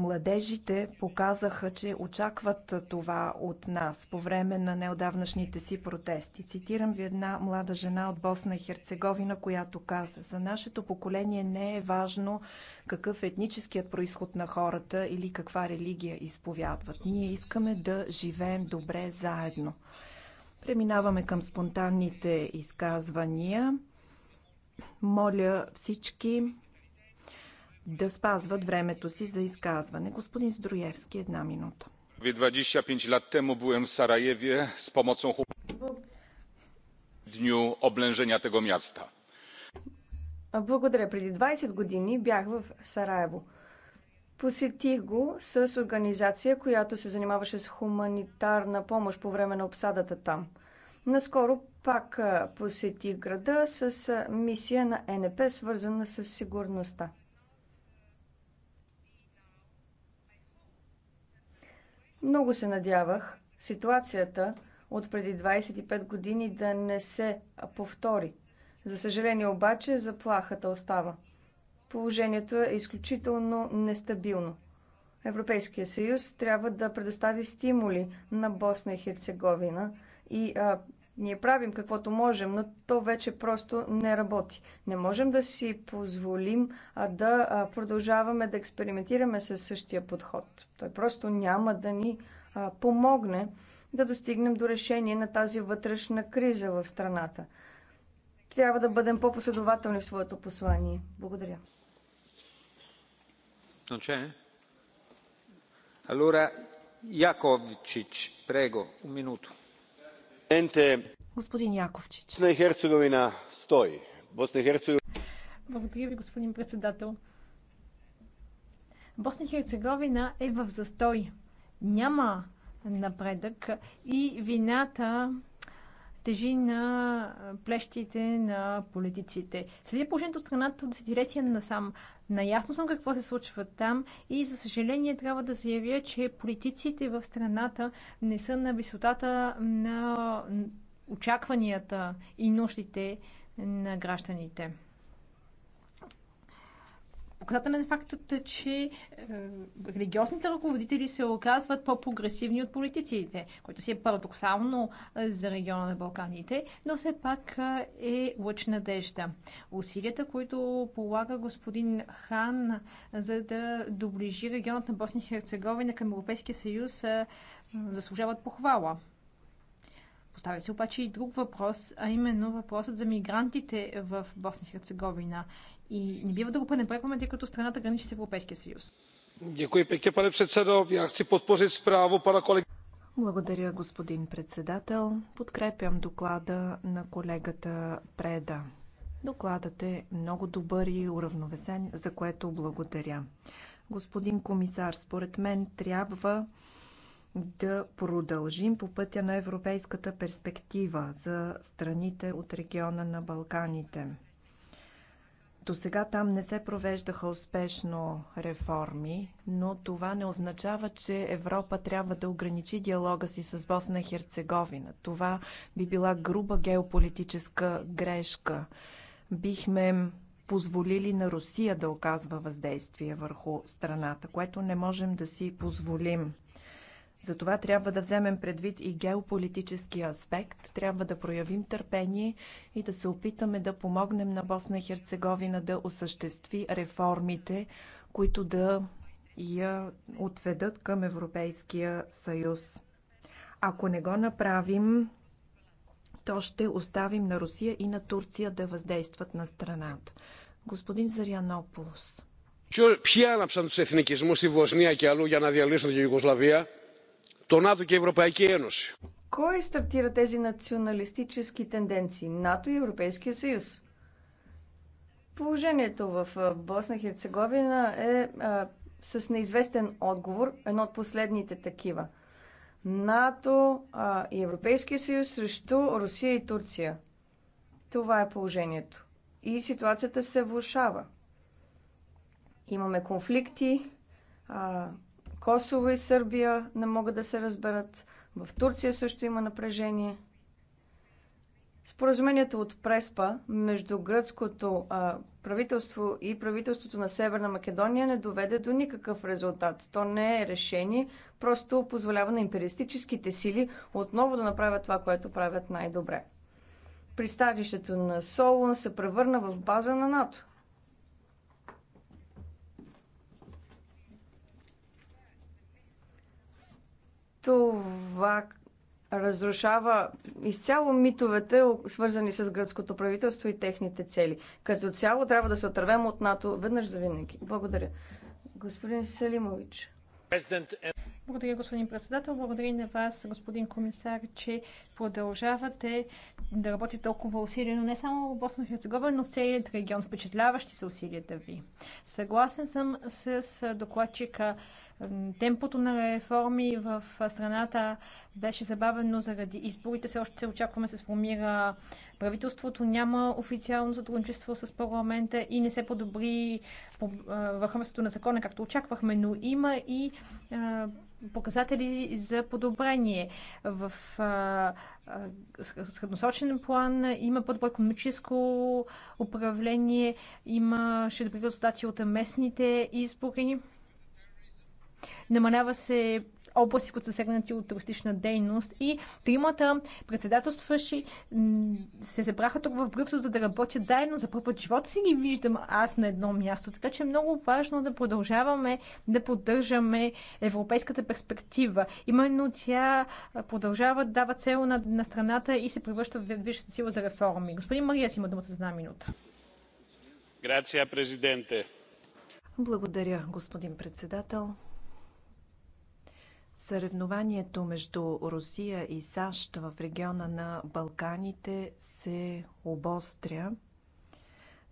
Младежите показаха, че очакват това от нас по време на неодавнашните си протести. Цитирам ви една млада жена от Босна и Херцеговина, която каза «За нашето поколение не е важно какъв е етническият происход на хората или каква религия изповядват. Ние искаме да живеем добре заедно». Преминаваме към спонтанните изказвания. Моля всички да спазват времето си за изказване. Господин Здруевски, една минута. 25 lat temu byłem в Сараеве с pomocą w dniu oblężenia tego Благодаря. Преди 20 години бях в Сараево. Посетих го с организация, която се занимаваше с хуманитарна помощ по време на обсадата там. Наскоро пак посетих града с мисия на НП, свързана с сигурността. Много се надявах ситуацията от преди 25 години да не се повтори. За съжаление обаче заплахата остава. Положението е изключително нестабилно. Европейския съюз трябва да предостави стимули на Босна и Херцеговина и а, ние правим каквото можем, но то вече просто не работи. Не можем да си позволим а, да а, продължаваме да експериментираме със същия подход. Той просто няма да ни а, помогне да достигнем до решение на тази вътрешна криза в страната. Трябва да бъдем по-последователни в своето послание. Благодаря. Non Allora, Jakovčić, prego, un minuto. Господин Яковчич. Босна и Херцеговина стои. Босна и Херцеговина... Благодаря ви, господин председател. Босна и Херцеговина е в застой. Няма напредък и вината тежи на плещите на политиците. Следи положението от страната от десетилетия насам. Наясно съм какво се случва там и за съжаление трябва да заявя, че политиците в страната не са на висотата на очакванията и нуждите на гражданите. Показателен е фактът, че е, религиозните ръководители се оказват по-прогресивни от политиците, което си е парадоксално е, за региона на Балканите, но все пак е, е лъч надежда. Усилията, които полага господин Хан за да доближи регионът на Босния и Херцеговина към Европейския съюз, заслужават похвала. Поставя се обаче и друг въпрос, а именно въпросът за мигрантите в Босния и Херцеговина и не бива да го пренебрегваме, тъй като страната граничи с Европейския съюз. Благодаря, господин председател. Подкрепям доклада на колегата Преда. Докладът е много добър и уравновесен, за което благодаря. Господин комисар, според мен трябва да продължим по пътя на европейската перспектива за страните от региона на Балканите до сега там не се провеждаха успешно реформи, но това не означава, че Европа трябва да ограничи диалога си с Босна и Херцеговина. Това би била груба геополитическа грешка. Бихме позволили на Русия да оказва въздействие върху страната, което не можем да си позволим. Затова трябва да вземем предвид и геополитическия аспект, трябва да проявим търпение и да се опитаме да помогнем на Босна и Херцеговина да осъществи реформите, които да я отведат към Европейския съюз. Ако не го направим, то ще оставим на Русия и на Турция да въздействат на страната. Господин Зарианополос. Ποια άναψαν του εθνικισμού στη Βοσνία και αλλού για να διαλύσουν την Ιουγκοσλαβία то НАТО και η Ευρωπαϊκή Ένωση. Кой стартира тези националистически тенденции? НАТО и Европейския съюз. Положението в Босна и Херцеговина е а, с неизвестен отговор, едно от последните такива. НАТО а, и Европейския съюз срещу Русия и Турция. Това е положението. И ситуацията се влушава. Имаме конфликти, а, Косово и Сърбия не могат да се разберат. В Турция също има напрежение. Споразумението от Преспа между гръцкото а, правителство и правителството на Северна Македония не доведе до никакъв резултат. То не е решение, просто позволява на империалистическите сили отново да направят това, което правят най-добре. Пристанището на Солун се превърна в база на НАТО. Това разрушава изцяло митовете, свързани с гръцкото правителство и техните цели. Като цяло трябва да се отървем от НАТО веднъж за винаги. Благодаря. Господин Селимович. Благодаря, господин председател. Благодаря на вас, господин комисар, че продължавате да работите толкова усилено не само в Босна и Херцеговина, но в целият регион. Впечатляващи са усилията ви. Съгласен съм с докладчика. Темпото на реформи в страната беше забавено заради изборите. Все още се очакваме се сформира правителството. Няма официално сътрудничество с парламента и не се подобри върховенството на закона, както очаквахме, но има и показатели за подобрение. В средносрочен план има по-добро економическо управление, има ще добри резултати от местните избори. Намалява се области, които са сегнати от туристична дейност. И тримата председателстващи се събраха тук в Брюксел, за да работят заедно. За първ път живота си ги виждам аз на едно място. Така че е много важно да продължаваме да поддържаме европейската перспектива. Именно тя продължава да дава цел на, на страната и се превръща в висша сила за реформи. Господин Мария си има думата за една минута. Грация, президенте. Благодаря, господин председател. Съревнованието между Русия и САЩ в региона на Балканите се обостря.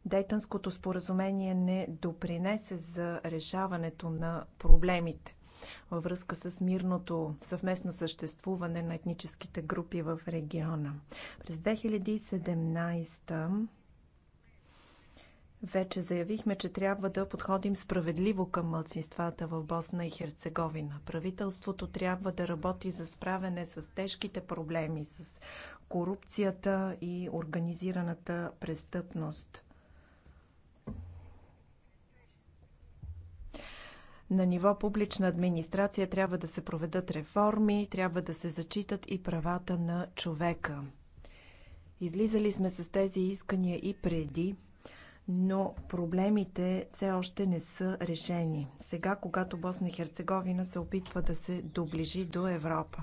Дейтанското споразумение не допринесе за решаването на проблемите във връзка с мирното съвместно съществуване на етническите групи в региона. През 2017 вече заявихме, че трябва да подходим справедливо към мълцинствата в Босна и Херцеговина. Правителството трябва да работи за справяне с тежките проблеми, с корупцията и организираната престъпност. На ниво публична администрация трябва да се проведат реформи, трябва да се зачитат и правата на човека. Излизали сме с тези искания и преди, но проблемите все още не са решени. Сега, когато Босна и Херцеговина се опитва да се доближи до Европа.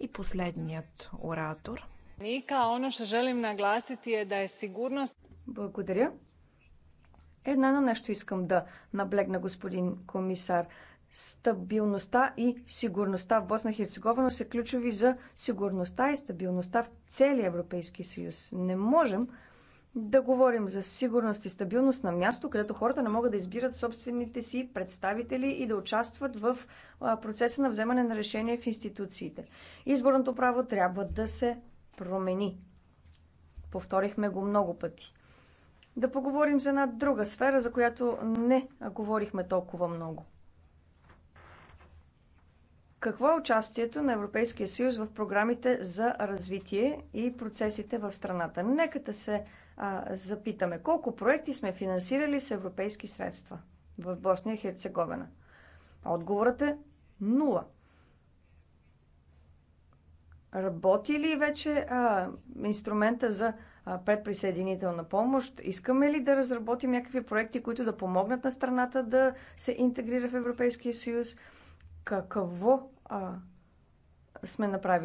И последният оратор. Ника, оно ще желим нагласити е да е сигурност. Благодаря. Едно нещо искам да наблегна, господин комисар. Стабилността и сигурността в Босна и Херцеговина са ключови за сигурността и стабилността в целия Европейски съюз. Не можем да говорим за сигурност и стабилност на място, където хората не могат да избират собствените си представители и да участват в процеса на вземане на решение в институциите. Изборното право трябва да се промени. Повторихме го много пъти. Да поговорим за една друга сфера, за която не говорихме толкова много. Какво е участието на Европейския съюз в програмите за развитие и процесите в страната? Нека да се а, запитаме колко проекти сме финансирали с европейски средства в Босния и Херцеговина. Отговорът е нула. Работи ли вече а, инструмента за а, предприсъединителна помощ? Искаме ли да разработим някакви проекти, които да помогнат на страната да се интегрира в Европейския съюз? Какво а, сме направили?